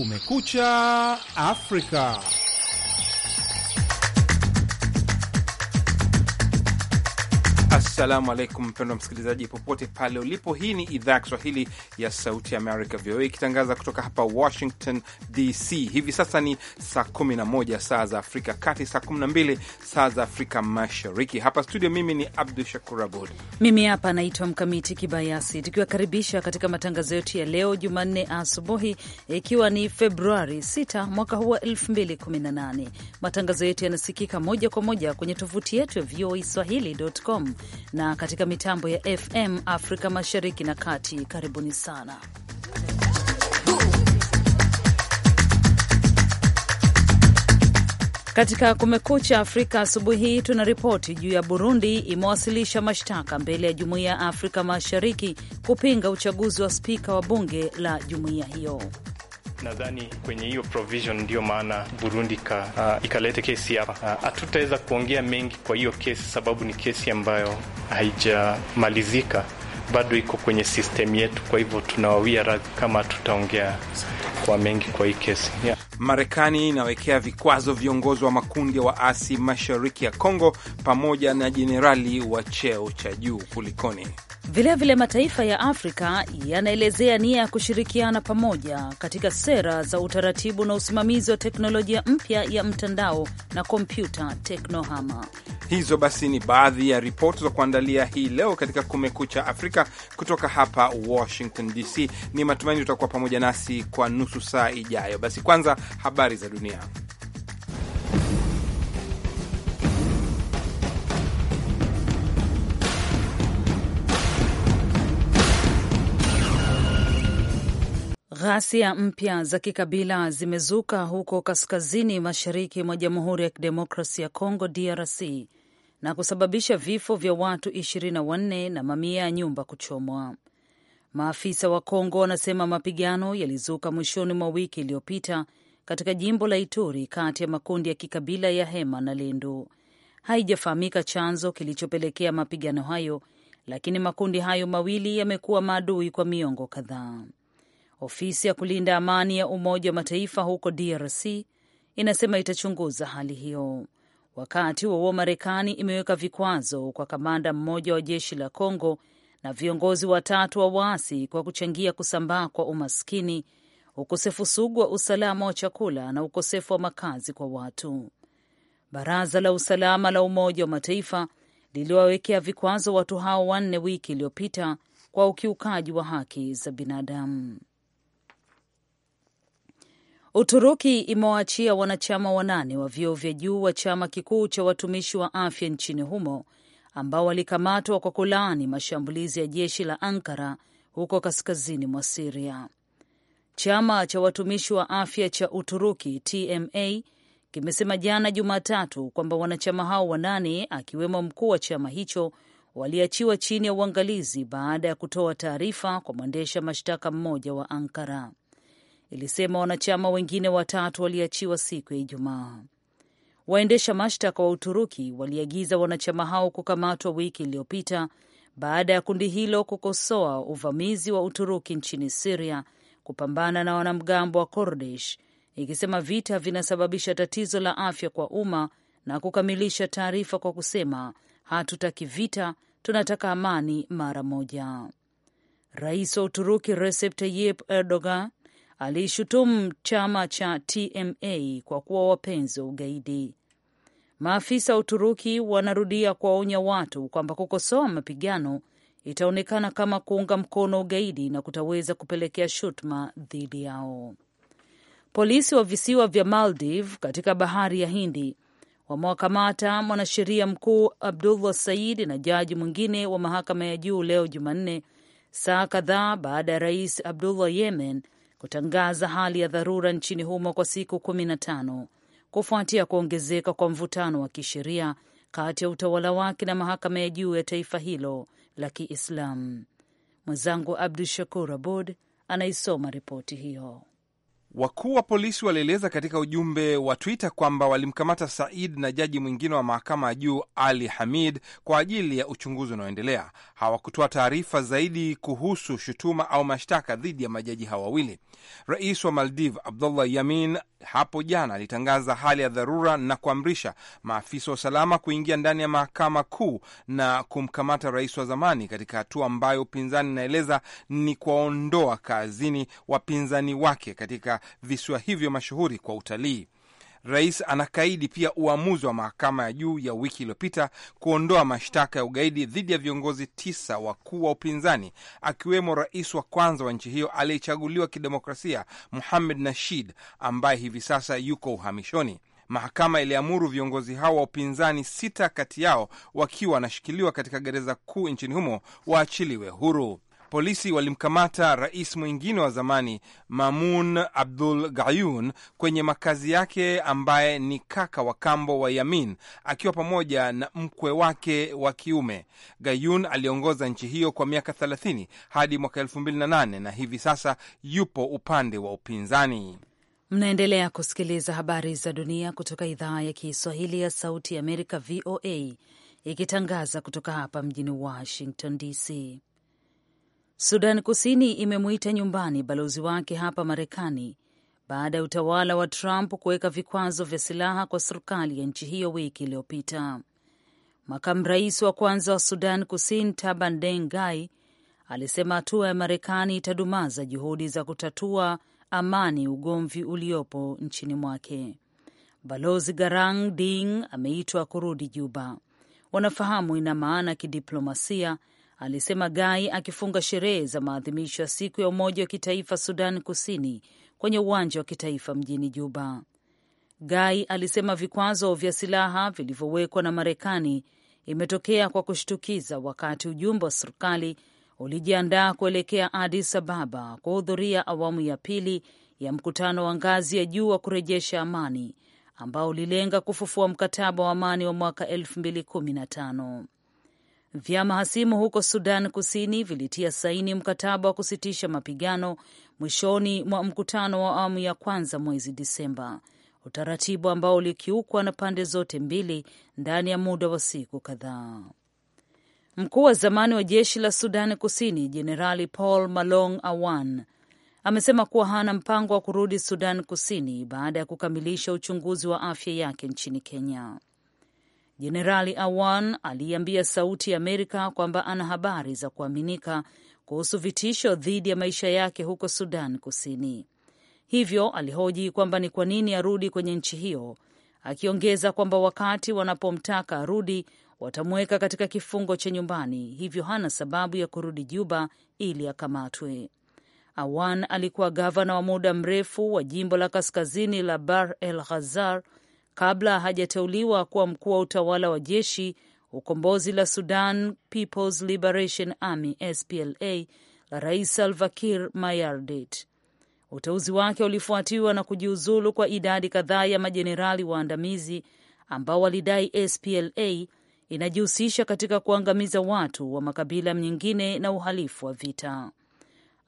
Kumekucha Afrika. Assalamu alaikum, mpendwa msikilizaji, popote pale ulipo. Hii ni idhaa ya Kiswahili ya Sauti America, VOA, ikitangaza kutoka hapa Washington DC. Hivi sasa ni saa 11 saa za Afrika Kati, saa 12 saa za Afrika Mashariki. Hapa studio, mimi ni Abdu Shakur Abud, mimi hapa naitwa Mkamiti Kibayasi, tukiwakaribisha katika matangazo yetu ya leo Jumanne asubuhi, ikiwa ni Februari 6 mwaka huu wa 2018. Matangazo yetu yanasikika moja kwa moja kwenye tovuti yetu ya voaswahili.com na katika mitambo ya FM Afrika Mashariki na Kati. Karibuni sana. Katika Kumekucha Afrika asubuhi hii tuna ripoti juu ya Burundi imewasilisha mashtaka mbele ya Jumuiya ya Afrika Mashariki kupinga uchaguzi wa spika wa bunge la jumuiya hiyo. Nadhani kwenye hiyo provision ndiyo maana Burundi ka, uh, ikaleta kesi hapa. Uh, hatutaweza uh, kuongea mengi kwa hiyo kesi, sababu ni kesi ambayo haijamalizika bado iko kwenye system yetu, kwa hivyo tunawawia radhi kama tutaongea kwa mengi kwa hii kesi yeah. Marekani inawekea vikwazo viongozi wa makundi ya wa waasi mashariki ya Kongo pamoja na jenerali wa cheo cha juu. Kulikoni? Vilevile vile mataifa ya Afrika yanaelezea nia ya kushirikiana pamoja katika sera za utaratibu na usimamizi wa teknolojia mpya ya mtandao na kompyuta teknohama. Hizo basi ni baadhi ya ripoti za kuandalia hii leo katika Kumekucha Afrika kutoka hapa Washington DC. Ni matumaini utakuwa pamoja nasi kwa nusu saa ijayo. Basi kwanza habari za dunia. Ghasia mpya za kikabila zimezuka huko kaskazini mashariki mwa Jamhuri ya Kidemokrasi ya Kongo DRC na kusababisha vifo vya watu 24 na mamia ya nyumba kuchomwa. Maafisa wa Kongo wanasema mapigano yalizuka mwishoni mwa wiki iliyopita katika jimbo la Ituri kati ya makundi ya kikabila ya Hema na Lendu. Haijafahamika chanzo kilichopelekea mapigano hayo, lakini makundi hayo mawili yamekuwa maadui kwa miongo kadhaa. Ofisi ya kulinda amani ya Umoja wa Mataifa huko DRC inasema itachunguza hali hiyo. Wakati huo Marekani imeweka vikwazo kwa kamanda mmoja wa jeshi la congo na viongozi watatu wa waasi kwa kuchangia kusambaa kwa umaskini, ukosefu sugu wa usalama wa chakula na ukosefu wa makazi kwa watu. Baraza la Usalama la Umoja wa Mataifa liliwawekea vikwazo watu hao wanne wiki iliyopita kwa ukiukaji wa haki za binadamu. Uturuki imewaachia wanachama wanane wa vyeo vya juu wa chama kikuu cha watumishi wa afya nchini humo ambao walikamatwa kwa kulaani mashambulizi ya jeshi la Ankara huko kaskazini mwa Siria. Chama cha watumishi wa afya cha Uturuki TMA kimesema jana Jumatatu kwamba wanachama hao wanane akiwemo mkuu wa chama hicho waliachiwa chini ya uangalizi baada ya kutoa taarifa kwa mwendesha mashtaka mmoja wa Ankara ilisema wanachama wengine watatu waliachiwa siku ya Ijumaa. Waendesha mashtaka wa Uturuki waliagiza wanachama hao kukamatwa wiki iliyopita baada ya kundi hilo kukosoa uvamizi wa Uturuki nchini Siria kupambana na wanamgambo wa Kurdish, ikisema vita vinasababisha tatizo la afya kwa umma na kukamilisha taarifa kwa kusema hatutaki vita, tunataka amani mara moja. Rais wa Uturuki Recep Tayyip Erdogan aliishutumu chama cha TMA kwa kuwa wapenzi wa ugaidi. Maafisa wa Uturuki wanarudia kuwaonya watu kwamba kukosoa mapigano itaonekana kama kuunga mkono ugaidi na kutaweza kupelekea shutuma dhidi yao. Polisi wa visiwa vya maldiv katika bahari ya Hindi wamewakamata mwanasheria mkuu Abdullah Said na jaji mwingine wa mahakama ya juu leo Jumanne, saa kadhaa baada ya rais Abdullah Yemen kutangaza hali ya dharura nchini humo kwa siku kumi na tano kufuatia kuongezeka kwa mvutano wa kisheria kati ya utawala wake na mahakama ya juu ya taifa hilo la Kiislamu. Mwenzangu Abdu Shakur Abud anaisoma ripoti hiyo. Wakuu wa polisi walieleza katika ujumbe wa Twitter kwamba walimkamata Said na jaji mwingine wa mahakama ya juu Ali Hamid kwa ajili ya uchunguzi unaoendelea. Hawakutoa taarifa zaidi kuhusu shutuma au mashtaka dhidi ya majaji haa wawili. Rais wa Maldiv Abdullah Yamin hapo jana alitangaza hali ya dharura na kuamrisha maafisa wa usalama kuingia ndani ya mahakama kuu na kumkamata rais wa zamani, katika hatua ambayo upinzani inaeleza ni kuwaondoa kazini wapinzani wake katika visiwa hivyo mashuhuri kwa utalii. Rais anakaidi pia uamuzi wa mahakama ya juu ya wiki iliyopita kuondoa mashtaka ya ugaidi dhidi ya viongozi tisa wakuu wa upinzani akiwemo rais wa kwanza wa nchi hiyo aliyechaguliwa kidemokrasia muhamed nashid ambaye hivi sasa yuko uhamishoni. Mahakama iliamuru viongozi hao wa upinzani sita, kati yao wakiwa wanashikiliwa katika gereza kuu nchini humo, waachiliwe huru. Polisi walimkamata rais mwingine wa zamani Mamun Abdul Gayun kwenye makazi yake, ambaye ni kaka wa kambo wa Yamin akiwa pamoja na mkwe wake wa kiume. Gayun aliongoza nchi hiyo kwa miaka 30 hadi mwaka 2008 na hivi sasa yupo upande wa upinzani. Mnaendelea kusikiliza habari za dunia kutoka idhaa ya Kiswahili ya Sauti ya Amerika, VOA, ikitangaza kutoka hapa mjini Washington DC. Sudan Kusini imemwita nyumbani balozi wake hapa Marekani baada ya utawala wa Trump kuweka vikwazo vya silaha kwa serikali ya nchi hiyo wiki iliyopita. Makamu rais wa kwanza wa Sudan Kusini Taban Deng Gai alisema hatua ya Marekani itadumaza juhudi za kutatua amani ugomvi uliopo nchini mwake. Balozi Garang Ding ameitwa kurudi Juba. Wanafahamu ina maana kidiplomasia alisema Gai akifunga sherehe za maadhimisho ya siku ya umoja wa kitaifa Sudan Kusini kwenye uwanja wa kitaifa mjini Juba. Gai alisema vikwazo vya silaha vilivyowekwa na Marekani imetokea kwa kushtukiza, wakati ujumbe wa serikali ulijiandaa kuelekea adis Ababa kuhudhuria awamu ya pili ya mkutano wa ngazi ya juu wa kurejesha amani ambao ulilenga kufufua mkataba wa amani wa mwaka 215 Vyama hasimu huko Sudan Kusini vilitia saini mkataba wa kusitisha mapigano mwishoni mwa mkutano wa awamu ya kwanza mwezi Disemba, utaratibu ambao ulikiukwa na pande zote mbili ndani ya muda wa siku kadhaa. Mkuu wa zamani wa jeshi la Sudan Kusini Jenerali Paul Malong Awan amesema kuwa hana mpango wa kurudi Sudan Kusini baada ya kukamilisha uchunguzi wa afya yake nchini Kenya. Jenerali Awan aliambia Sauti ya Amerika kwamba ana habari za kuaminika kuhusu vitisho dhidi ya maisha yake huko Sudan Kusini. Hivyo alihoji kwamba ni kwa nini arudi kwenye nchi hiyo, akiongeza kwamba wakati wanapomtaka arudi watamuweka katika kifungo cha nyumbani, hivyo hana sababu ya kurudi Juba ili akamatwe. Awan alikuwa gavana wa muda mrefu wa jimbo la kaskazini la Bahr el Ghazal kabla hajateuliwa kuwa mkuu wa utawala wa jeshi ukombozi la Sudan People's Liberation Army SPLA la Rais Salva Kiir Mayardit. Uteuzi wake ulifuatiwa na kujiuzulu kwa idadi kadhaa ya majenerali waandamizi ambao walidai SPLA inajihusisha katika kuangamiza watu wa makabila mengine na uhalifu wa vita.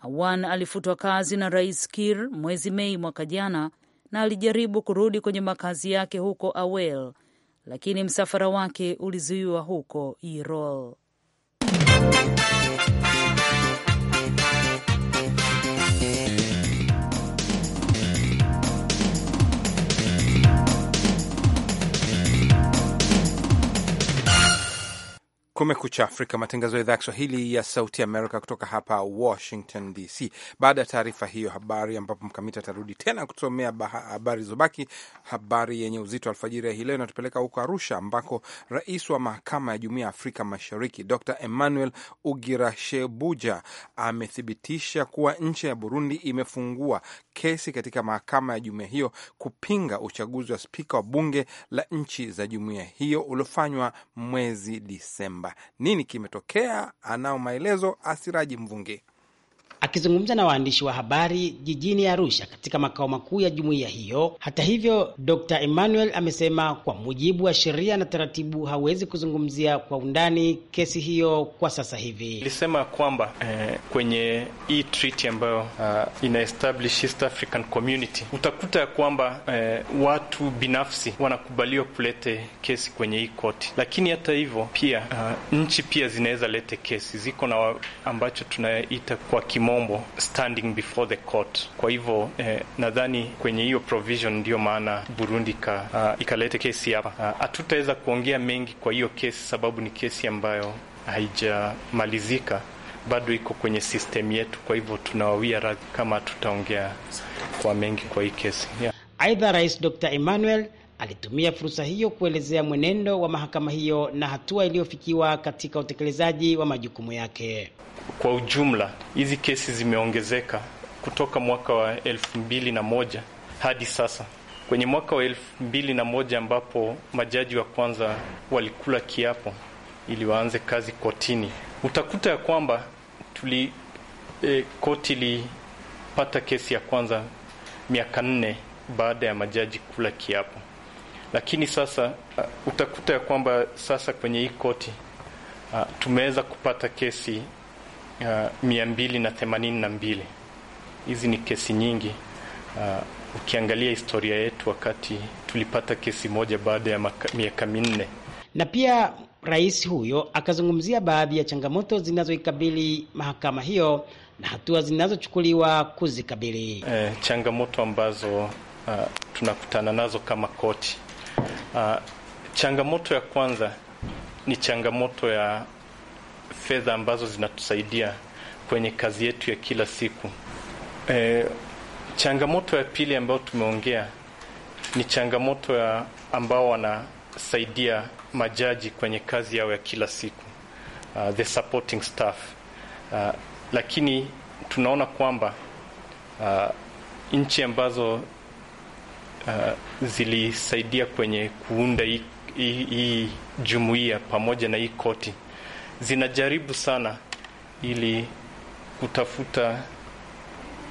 Awan alifutwa kazi na Rais Kiir mwezi Mei mwaka jana na alijaribu kurudi kwenye makazi yake huko Awel, lakini msafara wake ulizuiwa huko Irol. Kumekucha Afrika, matangazo ya idhaa ya Kiswahili ya Sauti Amerika kutoka hapa Washington DC. Baada ya taarifa hiyo habari, ambapo Mkamiti atarudi tena kusomea habari zobaki. Habari yenye uzito alfajiri ya hii leo inatupeleka huko Arusha, ambako rais wa mahakama ya Jumuiya ya Afrika Mashariki Dr Emmanuel Ugirashebuja amethibitisha kuwa nchi ya Burundi imefungua kesi katika mahakama ya jumuiya hiyo kupinga uchaguzi wa spika wa bunge la nchi za jumuiya hiyo uliofanywa mwezi Disemba nini kimetokea, anao maelezo Asiraji Mvungi. Akizungumza na waandishi wa habari jijini Arusha katika makao makuu ya jumuiya hiyo. Hata hivyo, Dr. Emmanuel amesema kwa mujibu wa sheria na taratibu hawezi kuzungumzia kwa undani kesi hiyo kwa sasa hivi. Ilisema kwamba eh, kwenye hii treaty ambayo uh, ina establish East African Community utakuta ya kwamba eh, watu binafsi wanakubaliwa kulete kesi kwenye hii koti, lakini hata hivyo pia uh, nchi pia zinaweza lete kesi, ziko na ambacho tunaita kwa kimo kimombo standing before the court. Kwa hivyo eh, nadhani kwenye hiyo provision ndiyo maana Burundi ka, uh, ah, ikalete kesi hapa. Ah, hatutaweza uh, kuongea mengi kwa hiyo kesi, sababu ni kesi ambayo haijamalizika bado iko kwenye system yetu, kwa hivyo tunawawia radhi kama tutaongea kwa mengi kwa hii kesi yeah. Rais Dr. Emmanuel alitumia fursa hiyo kuelezea mwenendo wa mahakama hiyo na hatua iliyofikiwa katika utekelezaji wa majukumu yake. Kwa ujumla, hizi kesi zimeongezeka kutoka mwaka wa elfu mbili na moja hadi sasa. Kwenye mwaka wa elfu mbili na moja ambapo majaji wa kwanza walikula kiapo ili waanze kazi kotini, utakuta ya kwamba tuli e, koti ilipata kesi ya kwanza miaka nne baada ya majaji kula kiapo. Lakini sasa uh, utakuta ya kwamba sasa kwenye hii koti uh, tumeweza kupata kesi uh, mia mbili na themanini na mbili. Hizi ni kesi nyingi uh, ukiangalia historia yetu, wakati tulipata kesi moja baada ya miaka minne. Na pia rais huyo akazungumzia baadhi ya changamoto zinazoikabili mahakama hiyo na hatua zinazochukuliwa kuzikabili. Eh, changamoto ambazo uh, tunakutana nazo kama koti Uh, changamoto ya kwanza ni changamoto ya fedha ambazo zinatusaidia kwenye kazi yetu ya kila siku. E, changamoto ya pili ambayo tumeongea ni changamoto ya ambao wanasaidia majaji kwenye kazi yao ya kila siku, uh, the supporting staff. Uh, lakini tunaona kwamba uh, nchi ambazo uh, zilisaidia kwenye kuunda hii jumuia jumuiya pamoja na hii koti, zinajaribu sana ili kutafuta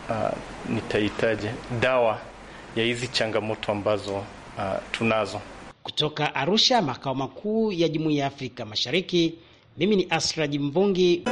uh, nitahitaje dawa ya hizi changamoto ambazo uh, tunazo. Kutoka Arusha, makao makuu ya Jumuiya ya Afrika Mashariki, mimi ni Asraji Mvungi.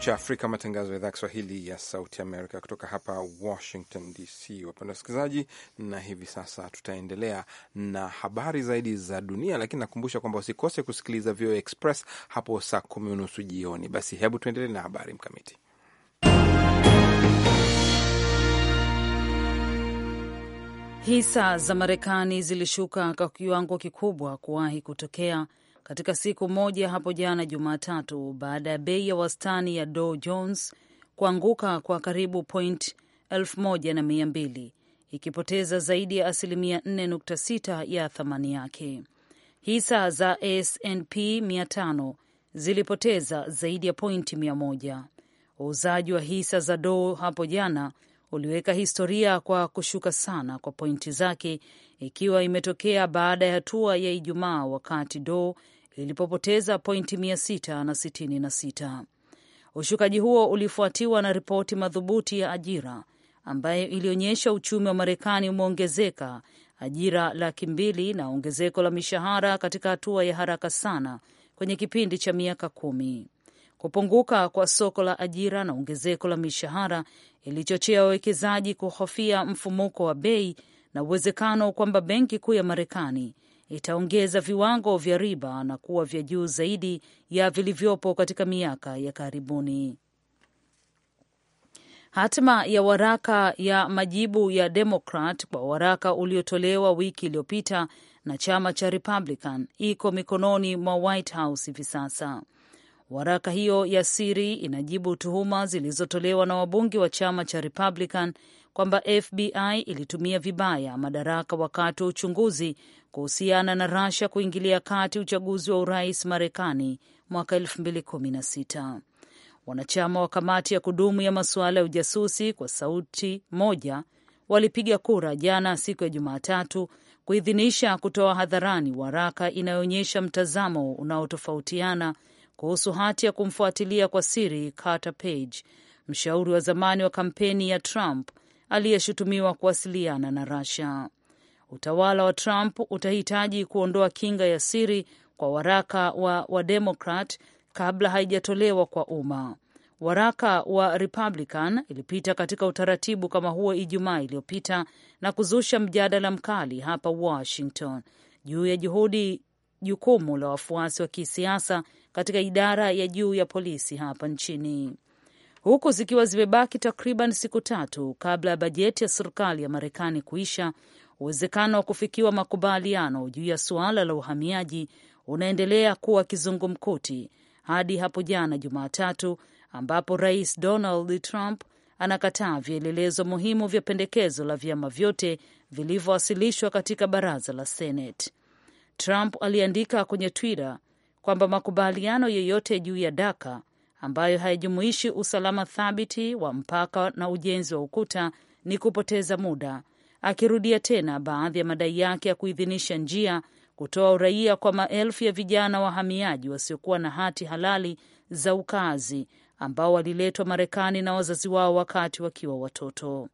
Kumekucha Afrika, matangazo ya idhaa Kiswahili ya Sauti Amerika kutoka hapa Washington DC. Wapenda wasikilizaji, na hivi sasa tutaendelea na habari zaidi za dunia, lakini nakumbusha kwamba usikose kusikiliza VOA Express hapo saa kumi unusu jioni. Basi hebu tuendelee na habari mkamiti. Hisa za Marekani zilishuka kwa kiwango kikubwa kuwahi kutokea katika siku moja hapo jana Jumatatu, baada ya bei ya wastani ya Dow Jones kuanguka kwa karibu point 1200 ikipoteza zaidi ya asilimia 4.6 ya thamani yake. Hisa za SNP 500 zilipoteza zaidi ya pointi 100. Uuzaji wa hisa za Dow hapo jana uliweka historia kwa kushuka sana kwa pointi zake, ikiwa imetokea baada ya hatua ya Ijumaa, wakati Dow lilipopoteza pointi 666. Ushukaji huo ulifuatiwa na ripoti madhubuti ya ajira ambayo ilionyesha uchumi wa Marekani umeongezeka ajira laki mbili na ongezeko la mishahara katika hatua ya haraka sana kwenye kipindi cha miaka kumi. Kupunguka kwa soko la ajira na ongezeko la mishahara ilichochea wawekezaji kuhofia mfumuko wa bei na uwezekano kwamba benki kuu ya Marekani itaongeza viwango vya riba na kuwa vya juu zaidi ya vilivyopo katika miaka ya karibuni. Hatima ya waraka ya majibu ya Demokrat kwa waraka uliotolewa wiki iliyopita na chama cha Republican iko mikononi mwa White House hivi sasa. Waraka hiyo ya siri inajibu tuhuma zilizotolewa na wabunge wa chama cha Republican kwamba FBI ilitumia vibaya madaraka wakati wa uchunguzi kuhusiana na Russia kuingilia kati uchaguzi wa urais Marekani mwaka 2016. Wanachama wa kamati ya kudumu ya masuala ya ujasusi kwa sauti moja walipiga kura jana siku ya Jumatatu kuidhinisha kutoa hadharani waraka inayoonyesha mtazamo unaotofautiana kuhusu hati ya kumfuatilia kwa siri Carter Page, mshauri wa zamani wa kampeni ya Trump aliyeshutumiwa kuwasiliana na Russia. Utawala wa Trump utahitaji kuondoa kinga ya siri kwa waraka wa Wademokrat kabla haijatolewa kwa umma. Waraka wa Republican ilipita katika utaratibu kama huo Ijumaa iliyopita na kuzusha mjadala mkali hapa Washington juu ya juhudi jukumu la wafuasi wa kisiasa katika idara ya juu ya polisi hapa nchini, huku zikiwa zimebaki takriban siku tatu kabla ya bajeti ya serikali ya Marekani kuisha uwezekano wa kufikiwa makubaliano juu ya suala la uhamiaji unaendelea kuwa kizungumkuti hadi hapo jana Jumatatu, ambapo Rais Donald Trump anakataa vielelezo muhimu vya pendekezo la vyama vyote vilivyowasilishwa katika baraza la Senate. Trump aliandika kwenye Twitter kwamba makubaliano yoyote juu ya Daka ambayo hayajumuishi usalama thabiti wa mpaka na ujenzi wa ukuta ni kupoteza muda akirudia tena baadhi ya madai yake ya kuidhinisha njia, kutoa uraia kwa maelfu ya vijana wahamiaji wasiokuwa na hati halali za ukazi ambao waliletwa Marekani na wazazi wao wakati wakiwa watoto.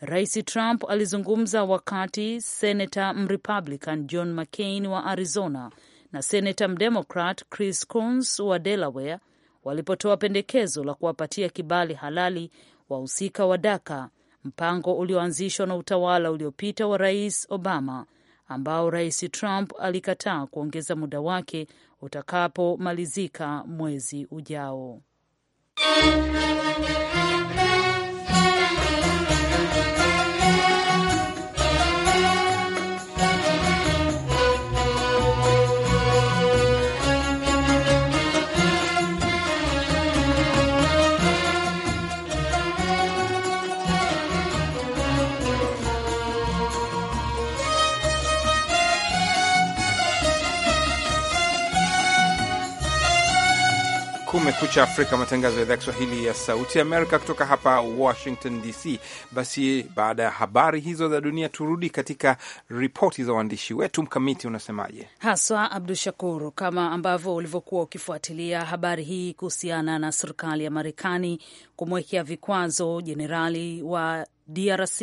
Rais Trump alizungumza wakati senata Mrepublican John McCain wa Arizona na senata mdemocrat Chris Coons wa Delaware walipotoa pendekezo la kuwapatia kibali halali wahusika wa daka mpango ulioanzishwa na utawala uliopita wa Rais Obama ambao Rais Trump alikataa kuongeza muda wake utakapomalizika mwezi ujao. Kumekucha Afrika, matangazo ya idhaa Kiswahili ya Sauti Amerika kutoka hapa Washington DC. Basi baada ya habari hizo za dunia, turudi katika ripoti za waandishi wetu. Mkamiti, unasemaje haswa, Abdu Shakur? Kama ambavyo ulivyokuwa ukifuatilia habari hii kuhusiana na serikali ya Marekani kumwekea vikwazo jenerali wa DRC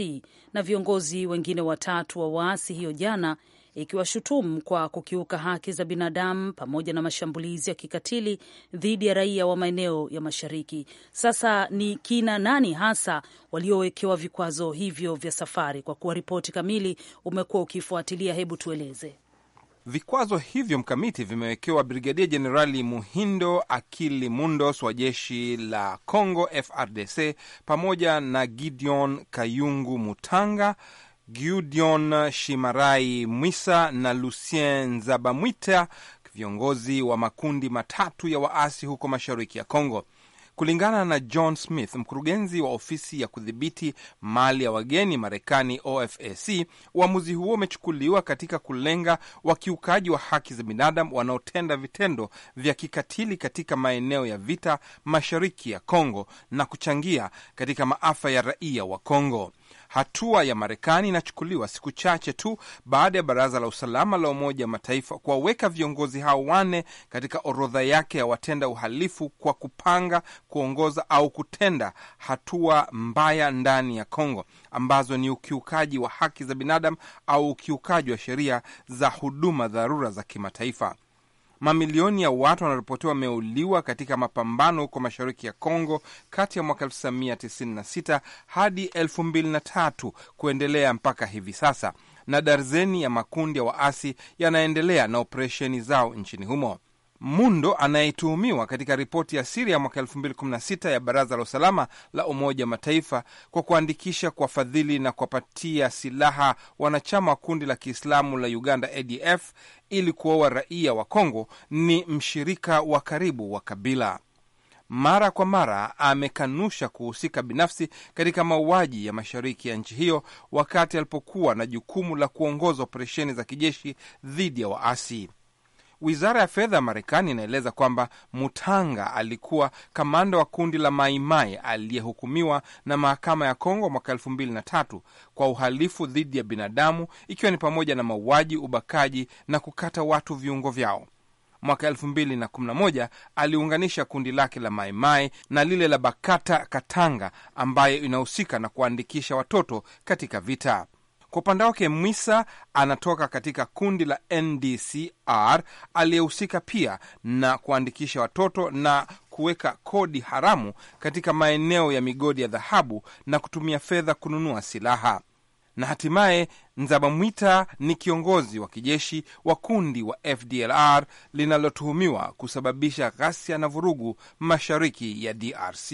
na viongozi wengine watatu wa waasi hiyo jana ikiwashutumu kwa kukiuka haki za binadamu pamoja na mashambulizi ya kikatili dhidi ya raia wa maeneo ya mashariki. Sasa ni kina nani hasa waliowekewa vikwazo hivyo vya safari? Kwa kuwa ripoti kamili umekuwa ukifuatilia, hebu tueleze. Vikwazo hivyo mkamiti vimewekewa Brigadia Jenerali Muhindo Akili Mundos wa jeshi la Congo FRDC pamoja na Gideon Kayungu Mutanga Gudion Shimarai Mwisa na Lucien Zabamwita, viongozi wa makundi matatu ya waasi huko mashariki ya Kongo. Kulingana na John Smith, mkurugenzi wa ofisi ya kudhibiti mali ya wageni Marekani, OFAC, uamuzi huo umechukuliwa katika kulenga wakiukaji wa haki za binadamu wanaotenda vitendo vya kikatili katika maeneo ya vita mashariki ya Kongo na kuchangia katika maafa ya raia wa Kongo. Hatua ya Marekani inachukuliwa siku chache tu baada ya baraza la usalama la Umoja wa Mataifa kuwaweka viongozi hao wanne katika orodha yake ya watenda uhalifu kwa kupanga, kuongoza au kutenda hatua mbaya ndani ya Kongo, ambazo ni ukiukaji wa haki za binadamu au ukiukaji wa sheria za huduma dharura za kimataifa. Mamilioni ya watu wanaripotiwa wameuliwa katika mapambano huko mashariki ya Kongo kati ya mwaka 1996 hadi 2003 kuendelea mpaka hivi sasa, na darzeni ya makundi ya waasi yanaendelea na operesheni zao nchini humo. Mundo anayetuhumiwa katika ripoti ya Siria mwaka 2016 ya Baraza la Usalama la Umoja wa Mataifa kwa kuandikisha, kuwafadhili na kuwapatia silaha wanachama wa kundi la Kiislamu la Uganda ADF ili kuwaua raia wa Kongo ni mshirika wa karibu wa Kabila. Mara kwa mara amekanusha kuhusika binafsi katika mauaji ya mashariki ya nchi hiyo wakati alipokuwa na jukumu la kuongoza operesheni za kijeshi dhidi ya waasi. Wizara ya fedha ya Marekani inaeleza kwamba Mutanga alikuwa kamanda wa kundi la Maimai aliyehukumiwa na mahakama ya Kongo mwaka elfu mbili na tatu kwa uhalifu dhidi ya binadamu ikiwa ni pamoja na mauaji, ubakaji na kukata watu viungo vyao. Mwaka moja aliunganisha kundi lake la Maimai na lile la Bakata Katanga ambayo inahusika na kuandikisha watoto katika vita. Kwa upande wake Mwisa anatoka katika kundi la NDCR aliyehusika pia na kuandikisha watoto na kuweka kodi haramu katika maeneo ya migodi ya dhahabu na kutumia fedha kununua silaha. Na hatimaye Nzabamwita ni kiongozi wa kijeshi wa kundi wa FDLR linalotuhumiwa kusababisha ghasia na vurugu mashariki ya DRC.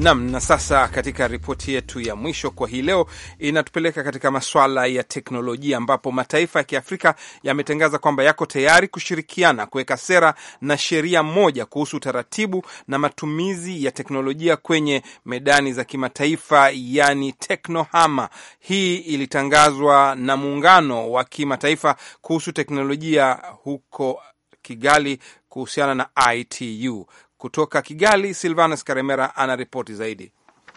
Nam. Na sasa katika ripoti yetu ya mwisho kwa hii leo inatupeleka katika maswala ya teknolojia, ambapo mataifa ya Kiafrika yametangaza kwamba yako tayari kushirikiana kuweka sera na sheria moja kuhusu utaratibu na matumizi ya teknolojia kwenye medani za kimataifa, yani teknohama. Hii ilitangazwa na muungano wa kimataifa kuhusu teknolojia huko Kigali kuhusiana na ITU. Kutoka Kigali, Silvanus Karemera anaripoti zaidi.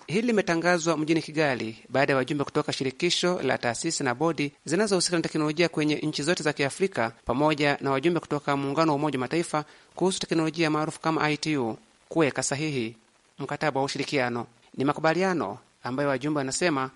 Hili limetangazwa mjini Kigali baada ya wajumbe kutoka shirikisho la taasisi na bodi zinazohusika na teknolojia kwenye nchi zote za Kiafrika pamoja na wajumbe kutoka muungano wa Umoja wa Mataifa kuhusu teknolojia maarufu kama ITU kuweka sahihi mkataba wa ushirikiano. Ni makubaliano ambayo wajumbe wanasema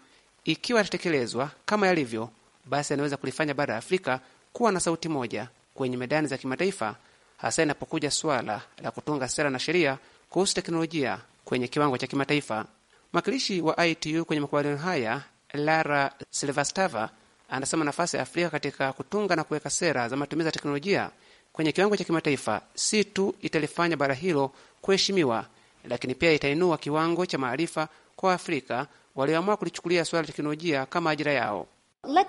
ikiwa yatatekelezwa kama yalivyo, basi yanaweza kulifanya bara la Afrika kuwa na sauti moja kwenye medani za kimataifa hasa inapokuja suala la kutunga sera na sheria kuhusu teknolojia kwenye kiwango cha kimataifa. Mwakilishi wa ITU kwenye makubaliano haya Lara silvastava anasema nafasi ya Afrika katika kutunga na kuweka sera za matumizi ya teknolojia kwenye kiwango cha kimataifa si tu italifanya bara hilo kuheshimiwa, lakini pia itainua kiwango cha maarifa kwa Waafrika walioamua kulichukulia suala la teknolojia kama ajira yao.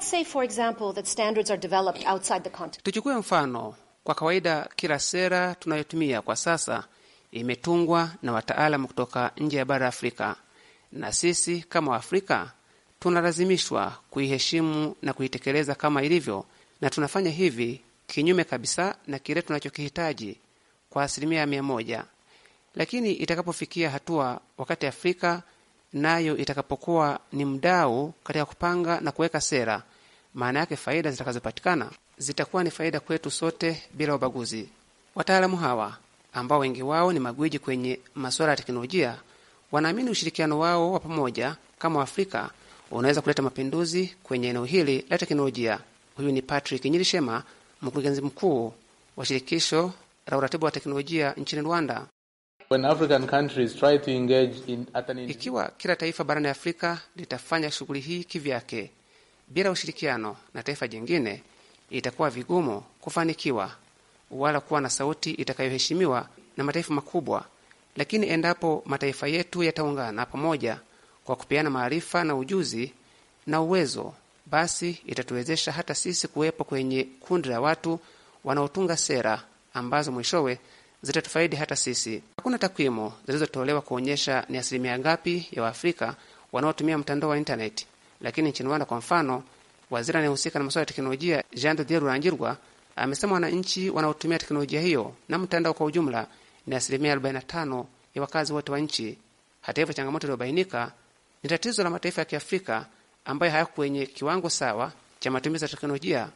say example Tuchukue mfano kwa kawaida kila sera tunayotumia kwa sasa imetungwa na wataalamu kutoka nje ya bara Afrika, na sisi kama Waafrika tunalazimishwa kuiheshimu na kuitekeleza kama ilivyo, na tunafanya hivi kinyume kabisa na kile tunachokihitaji kwa asilimia mia moja. Lakini itakapofikia hatua wakati Afrika nayo itakapokuwa ni mdau katika kupanga na kuweka sera, maana yake faida zitakazopatikana zitakuwa ni faida kwetu sote bila ubaguzi. Wataalamu hawa ambao wengi wao ni magwiji kwenye masuala ya teknolojia wanaamini ushirikiano wao wa pamoja kama Waafrika unaweza kuleta mapinduzi kwenye eneo hili la teknolojia. Huyu ni Patrick Nyirishema, mkurugenzi mkuu wa shirikisho la uratibu wa teknolojia nchini Rwanda. When African countries try to engage in... ikiwa kila taifa barani Afrika litafanya shughuli hii kivyake bila ushirikiano na taifa jingine itakuwa vigumu kufanikiwa wala kuwa na sauti itakayoheshimiwa na mataifa makubwa, lakini endapo mataifa yetu yataungana pamoja kwa kupeana maarifa na ujuzi na uwezo, basi itatuwezesha hata sisi kuwepo kwenye kundi la watu wanaotunga sera ambazo mwishowe zitatufaidi hata sisi. Hakuna takwimu zilizotolewa kuonyesha ni asilimia ngapi ya Waafrika wanaotumia mtandao wa intaneti, lakini nchini Rwanda kwa mfano Waziri anayehusika na masuala ya teknolojia Jean de Dieu Rurangirwa amesema wananchi wanaotumia teknolojia hiyo na mtandao kwa ujumla ni asilimia 45 ya wakazi wote wa nchi. Hata hivyo, changamoto iliyobainika ni tatizo la mataifa ya Kiafrika ambayo hayako kwenye kiwango sawa cha matumizi ya teknolojia.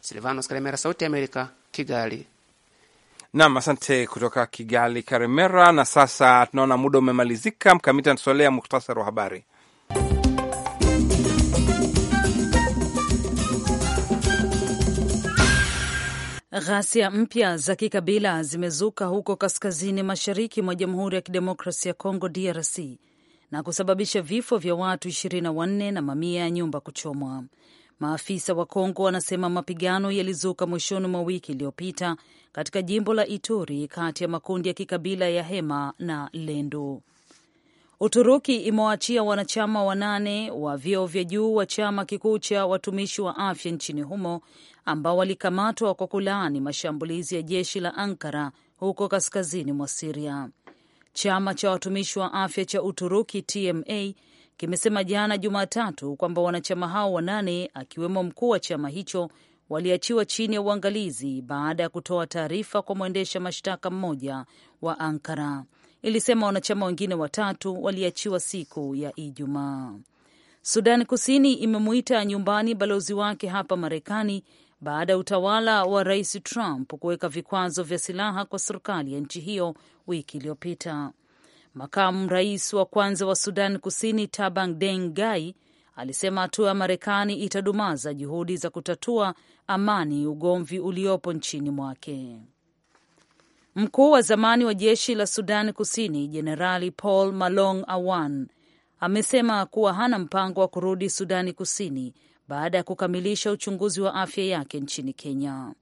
Silvanos Kalemera, Sauti ya Amerika, Kigali. Nam, asante kutoka Kigali, Karemera. Na sasa tunaona muda umemalizika. Mkamiti anatusolea muhtasari wa habari. Ghasia mpya za kikabila zimezuka huko kaskazini mashariki mwa Jamhuri ya Kidemokrasia ya Kongo DRC na kusababisha vifo vya watu 24 na mamia ya nyumba kuchomwa. Maafisa wa Kongo wanasema mapigano yalizuka mwishoni mwa wiki iliyopita katika jimbo la Ituri kati ya makundi ya kikabila ya Hema na Lendu. Uturuki imewaachia wanachama wanane wa vyeo vya juu wa chama kikuu cha watumishi wa afya nchini humo ambao walikamatwa kwa kulaani mashambulizi ya jeshi la Ankara huko kaskazini mwa Siria. Chama cha watumishi wa afya cha Uturuki TMA kimesema jana Jumatatu kwamba wanachama hao wanane akiwemo mkuu wa chama hicho waliachiwa chini ya uangalizi baada ya kutoa taarifa kwa mwendesha mashtaka mmoja wa Ankara. Ilisema wanachama wengine watatu waliachiwa siku ya Ijumaa. Sudan Kusini imemuita nyumbani balozi wake hapa Marekani baada ya utawala wa Rais Trump kuweka vikwazo vya silaha kwa serikali ya nchi hiyo wiki iliyopita. Makamu rais wa kwanza wa Sudan Kusini Tabang Deng Gai alisema hatua ya Marekani itadumaza juhudi za kutatua amani ugomvi uliopo nchini mwake. Mkuu wa zamani wa jeshi la Sudan Kusini Jenerali Paul Malong Awan amesema kuwa hana mpango wa kurudi Sudani Kusini baada ya kukamilisha uchunguzi wa afya yake nchini Kenya.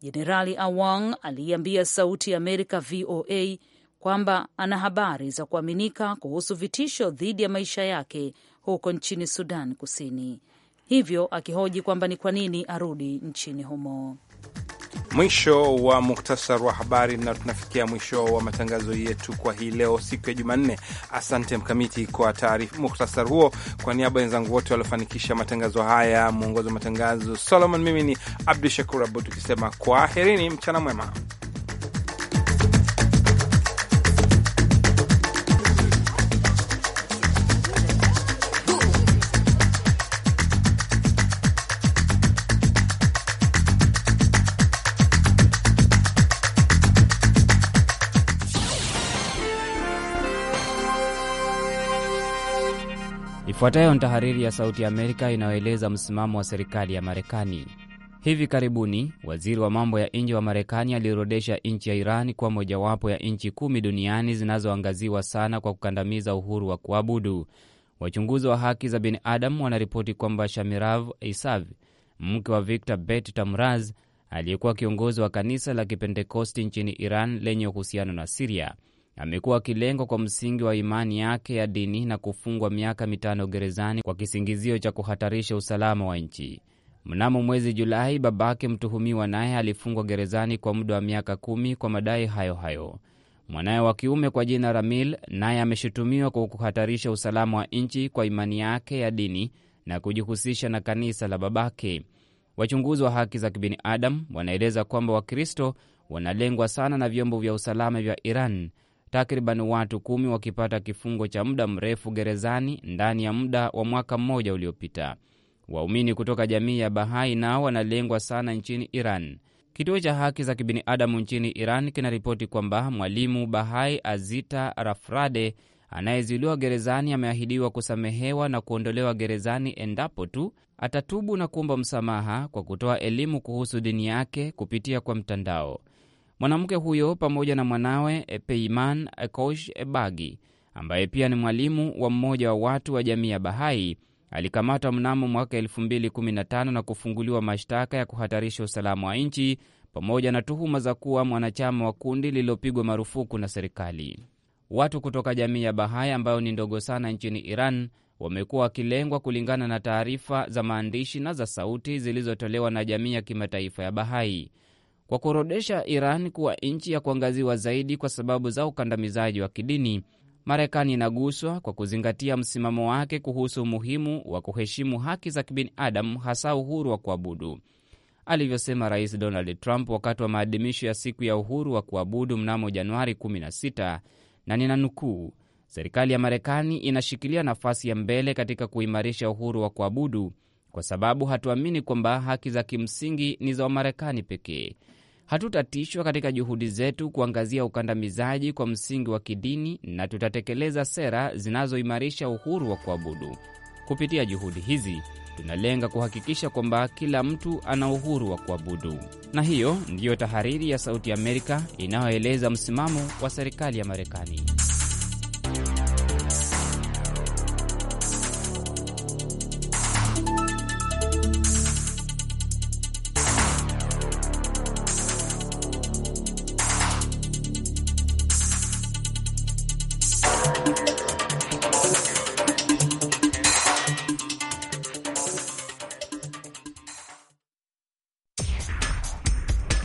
Jenerali Awang aliiambia Sauti ya Amerika VOA kwamba ana habari za kuaminika kuhusu vitisho dhidi ya maisha yake huko nchini Sudan Kusini, hivyo akihoji kwamba ni kwa nini arudi nchini humo. Mwisho wa muktasar wa habari, na tunafikia mwisho wa matangazo yetu kwa hii leo, siku ya Jumanne. Asante Mkamiti kwa taarifa muktasar huo. Kwa niaba ya wenzangu wote waliofanikisha matangazo haya, mwongozi wa matangazo Solomon, mimi ni Abdu Shakur Abud tukisema kwaherini, mchana mwema. Ifuatayo ni tahariri ya Sauti ya Amerika inayoeleza msimamo wa serikali ya Marekani. Hivi karibuni waziri wa mambo ya nje wa Marekani aliorodesha nchi ya Iran kuwa mojawapo ya nchi kumi duniani zinazoangaziwa sana kwa kukandamiza uhuru wa kuabudu. Wachunguzi wa haki za binadamu wanaripoti kwamba Shamirav isav mke wa Victor Bet Tamraz, aliyekuwa kiongozi wa kanisa la Kipentekosti nchini Iran lenye uhusiano na Siria, amekuwa akilengwa kwa msingi wa imani yake ya dini na kufungwa miaka mitano gerezani kwa kisingizio cha kuhatarisha usalama wa nchi. Mnamo mwezi Julai, babake mtuhumiwa naye alifungwa gerezani kwa muda wa miaka kumi kwa madai hayo hayo. mwanaye wa kiume kwa jina Ramil naye ameshutumiwa kwa kuhatarisha usalama wa nchi kwa imani yake ya dini na kujihusisha na kanisa la babake. Wachunguzi wa haki za kibinadamu wanaeleza kwamba Wakristo wanalengwa sana na vyombo vya usalama vya Iran takriban watu kumi wakipata kifungo cha muda mrefu gerezani ndani ya muda wa mwaka mmoja uliopita. Waumini kutoka jamii ya Bahai nao wanalengwa sana nchini Iran. Kituo cha haki za kibinadamu nchini Iran kinaripoti kwamba mwalimu Bahai Azita Rafrade anayezuiliwa gerezani ameahidiwa kusamehewa na kuondolewa gerezani endapo tu atatubu na kuomba msamaha kwa kutoa elimu kuhusu dini yake kupitia kwa mtandao. Mwanamke huyo pamoja na mwanawe eh, Peiman eh, Kosh Ebagi, eh, ambaye pia ni mwalimu wa mmoja wa watu wa jamii ya Bahai, alikamatwa mnamo mwaka 2015 na kufunguliwa mashtaka ya kuhatarisha usalama wa nchi pamoja na tuhuma za kuwa mwanachama wa kundi lililopigwa marufuku na serikali. Watu kutoka jamii ya Bahai ambayo ni ndogo sana nchini Iran wamekuwa wakilengwa kulingana na taarifa za maandishi na za sauti zilizotolewa na jamii ya kimataifa ya Bahai kwa kuorodesha Iran kuwa nchi ya kuangaziwa zaidi kwa sababu za ukandamizaji wa kidini. Marekani inaguswa kwa kuzingatia msimamo wake kuhusu umuhimu wa kuheshimu haki za kibinadamu, hasa uhuru wa kuabudu, alivyosema Rais Donald Trump wakati wa maadhimisho ya siku ya uhuru wa kuabudu mnamo Januari 16, na ninanukuu, serikali ya Marekani inashikilia nafasi ya mbele katika kuimarisha uhuru wa kuabudu kwa sababu hatuamini kwamba haki za kimsingi ni za Wamarekani pekee Hatutatishwa katika juhudi zetu kuangazia ukandamizaji kwa msingi wa kidini na tutatekeleza sera zinazoimarisha uhuru wa kuabudu. Kupitia juhudi hizi tunalenga kuhakikisha kwamba kila mtu ana uhuru wa kuabudu. Na hiyo ndiyo tahariri ya Sauti Amerika inayoeleza msimamo wa serikali ya Marekani.